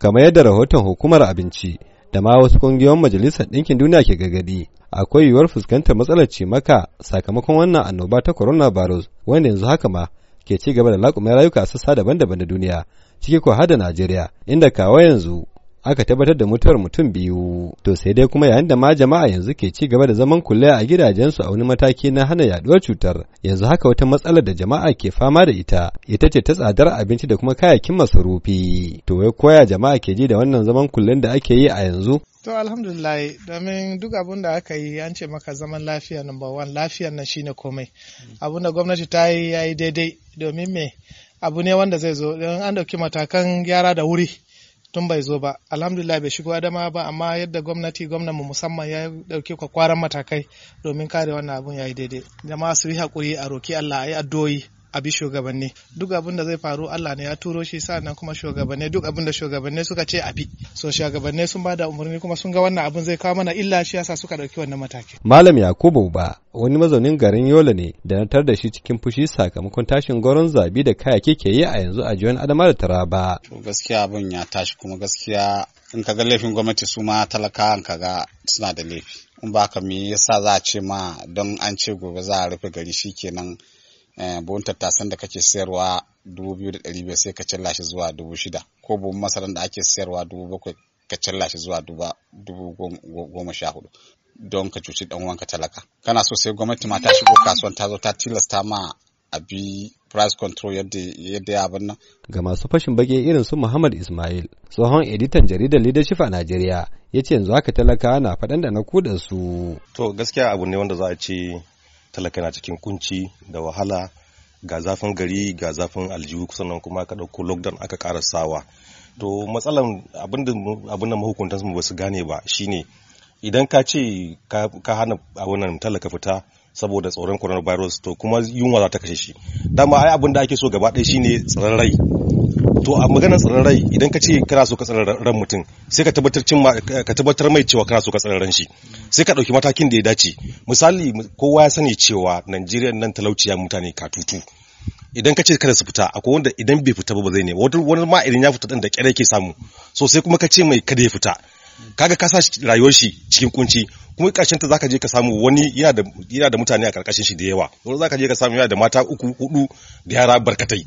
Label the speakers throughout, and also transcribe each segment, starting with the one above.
Speaker 1: kamar yadda rahoton hukumar abinci da ma wasu kungiyoyin majalisar ɗinkin duniya ke gagadi akwai yiwuwar fuskantar matsalar cimaka sakamakon wannan annoba ta Corona coronavirus wanda yanzu haka ma ke ci gaba da laƙumin rayuka a sassa daban-daban da duniya ciki ko har da Najeriya inda kawo yanzu aka tabbatar da mutuwar mutum biyu to sai dai kuma yayin da ma jama'a yanzu ke ci gaba da zaman kulle a gidajensu a wani mataki na hana yaduwar cutar yanzu haka wata matsalar da jama'a ke fama da ita ita ce ta tsadar abinci da kuma kayayyakin masarufi to wai koya jama'a ke ji da wannan zaman kullen da ake yi a yanzu
Speaker 2: to alhamdulillah domin duk abin da aka yi an ce maka zaman lafiya number one lafiyan nan shine komai abin da gwamnati ta yi ya yi daidai domin me abu ne wanda zai zo don an dauki matakan gyara da wuri tun bai zo ba alhamdulillah bai shigo adama ba amma yadda gwamnati gwamnan mu musamman ya dauke kwakwaran matakai domin kare wannan abun yayi daidai jama'a su yi hakuri a roki Allah a yi addu'o'i abi shugabanni duk abin da zai faru Allah ne ya turo shi sannan kuma shugabanni duk abin da shugabanni suka ce abi so shugabanni sun bada umarni kuma sun ga wannan abin zai kawo mana illa shi yasa suka dauki wannan mataki
Speaker 1: malam yakubu ba wani mazaunin garin yola ne da na tar da shi cikin fushi sakamakon tashin goron zabi da kaya ke yi a yanzu a jiyon adama da taraba
Speaker 3: gaskiya abin ya tashi kuma gaskiya in ka ga laifin gwamnati su ma talakawan ka ga suna da laifi in ba ka me yasa za a ce ma don an ce gobe za a rufe gari shi kenan. Eh, buhun tattasan da kake sayarwa dubu biyu da ɗari biyar sai ka cilla shi zuwa dubu shida ko buhun masaran da ake sayarwa dubu bakwai ka cilla shi zuwa dubu goma sha hudu don ka cuci dan wanka talaka kana so sai gwamnati ma ta shigo kasuwan ta zo ta tilasta ma a bi price control yadda ya abin nan. Ga masu fashin bage irin su Muhammad Ismail,
Speaker 1: tsohon editan jaridar Leadership a Najeriya, ya ce yanzu haka talaka na faɗan da na kudansu. su.
Speaker 4: To gaskiya abu ne wanda za a ce talaka na cikin kunci da wahala ga zafin gari ga zafin aljihu sannan kuma ka ɗauko lockdown aka ƙara sawa to matsalan abin da mahukuntan mu ba su gane ba shine idan ka ce ka hana abin talaka fita saboda tsoron coronavirus to kuma yunwa za ta kashe shi dama ai abin da ake so gaba ɗaya shine tsaron rai to a maganar tsaron rai idan ka ce kana so ka tsare ran mutum sai ka tabbatar mai cewa kana so ka tsare ran shi sai ka dauki matakin da ya dace misali kowa ya sani cewa Najeriya nan talauciya mutane ka tutu idan ka ce kada su fita akwai wanda idan bai fita ba zai ne wani ma idan ya fita din da ya ke samu so kuma ka ce mai kada ya fita kaga ka rayuwar shi cikin kunci kuma karshen ta zaka je ka samu wani yana da mutane a karkashin shi da yawa wani zaka je ka samu yana da mata uku hudu da yara barkatai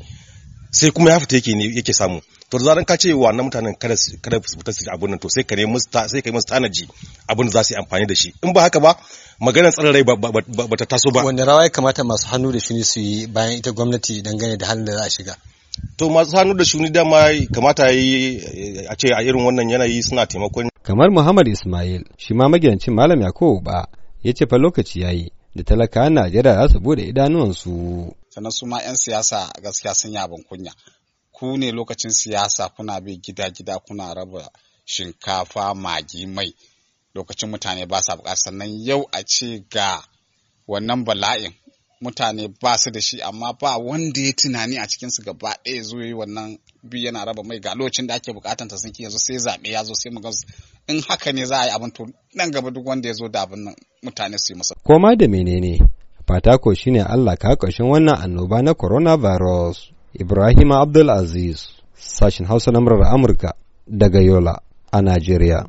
Speaker 4: sai kuma ya fita yake ne yake samu to da zaran ka ce wa na mutanen kada kada su fita su abun nan to sai ka musta sai ka yi tanaji abun da za su yi amfani da shi in ba haka ba maganar tsare rai ba ta taso ba wanda rawa ya kamata masu hannu da shuni su yi bayan ita gwamnati dangane da halin da za a shiga to masu hannu da shuni dama kamata yi a ce a irin wannan yanayi suna taimakon
Speaker 1: kamar Muhammad Ismail shi ma magidancin Malam Yakubu ba ya ce fa lokaci yayi da talakawan Najeriya za su bude idanuwansu
Speaker 3: sannan su ma 'yan siyasa gaskiya sun yi kunya ku ne lokacin siyasa kuna bi gida-gida kuna raba shinkafa magi mai lokacin mutane ba sa buƙatar sannan yau a ce ga wannan bala'in mutane ba su da shi amma ba wanda ya tunani a cikinsu gaba ɗaya zo yi wannan biyu yana raba mai ga lokacin da ake bukatan ta sun sunki yanzu sai zaɓe ya zo sai mu in haka ne za a yi abin to nan gaba duk wanda ya zo da abin nan mutane su yi masa.
Speaker 1: Koma da menene Fatako shine Allah ka ƙarshen wannan annoba na coronavirus. Ibrahim Ibrahima sashen Hausa na Amurka daga Yola a Najeriya.